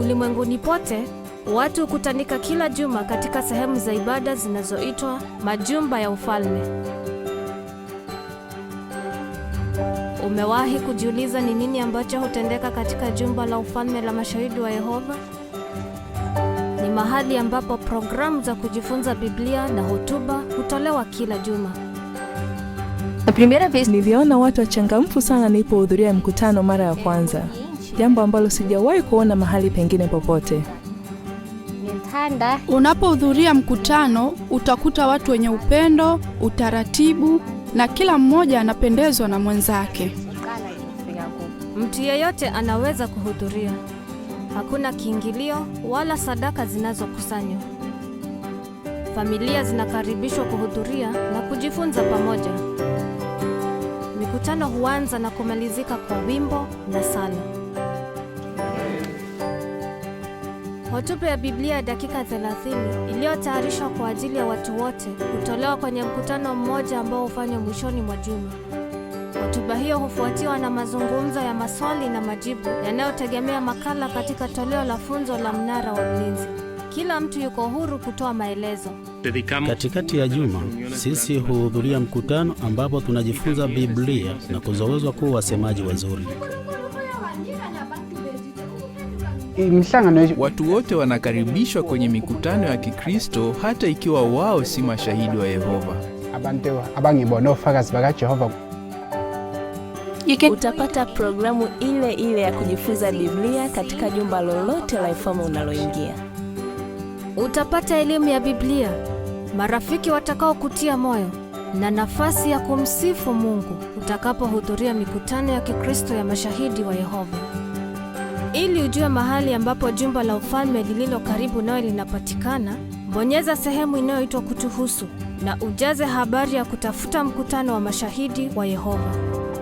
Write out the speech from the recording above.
Ulimwenguni pote watu hukutanika kila juma katika sehemu za ibada zinazoitwa majumba ya ufalme. Umewahi kujiuliza ni nini ambacho hutendeka katika jumba la ufalme la mashahidi wa Yehova? Ni mahali ambapo programu za kujifunza Biblia na hotuba hutolewa kila juma. Niliona watu wachangamfu sana nilipohudhuria mkutano mara ya kwanza jambo ambalo sijawahi kuona mahali pengine popote. Unapohudhuria mkutano utakuta watu wenye upendo, utaratibu na kila mmoja anapendezwa na mwenzake. Mtu yeyote anaweza kuhudhuria. Hakuna kiingilio wala sadaka zinazokusanywa. Familia zinakaribishwa kuhudhuria na kujifunza pamoja. Mikutano huanza na kumalizika kwa wimbo na sala. Hotuba ya Biblia ya dakika 30 iliyotayarishwa kwa ajili ya watu wote hutolewa kwenye mkutano mmoja ambao hufanywa mwishoni mwa juma. Hotuba hiyo hufuatiwa na mazungumzo ya maswali na majibu yanayotegemea makala katika toleo la funzo la Mnara wa Mlinzi. Kila mtu yuko huru kutoa maelezo. Katikati ya juma sisi huhudhuria mkutano ambapo tunajifunza Biblia na kuzowezwa kuwa wasemaji wazuri. Eh, Watu wote wanakaribishwa kwenye mikutano ya Kikristo hata ikiwa wao si mashahidi wa Yehova. Utapata programu ile ile ya kujifunza Biblia katika jumba lolote la Ifama unaloingia. Utapata elimu ya Biblia, marafiki watakaokutia moyo na nafasi ya kumsifu Mungu utakapohudhuria mikutano ya Kikristo ya mashahidi wa Yehova. Ili ujue mahali ambapo jumba la ufalme lililo karibu nawe linapatikana, bonyeza sehemu inayoitwa kutuhusu na ujaze habari ya kutafuta mkutano wa mashahidi wa Yehova.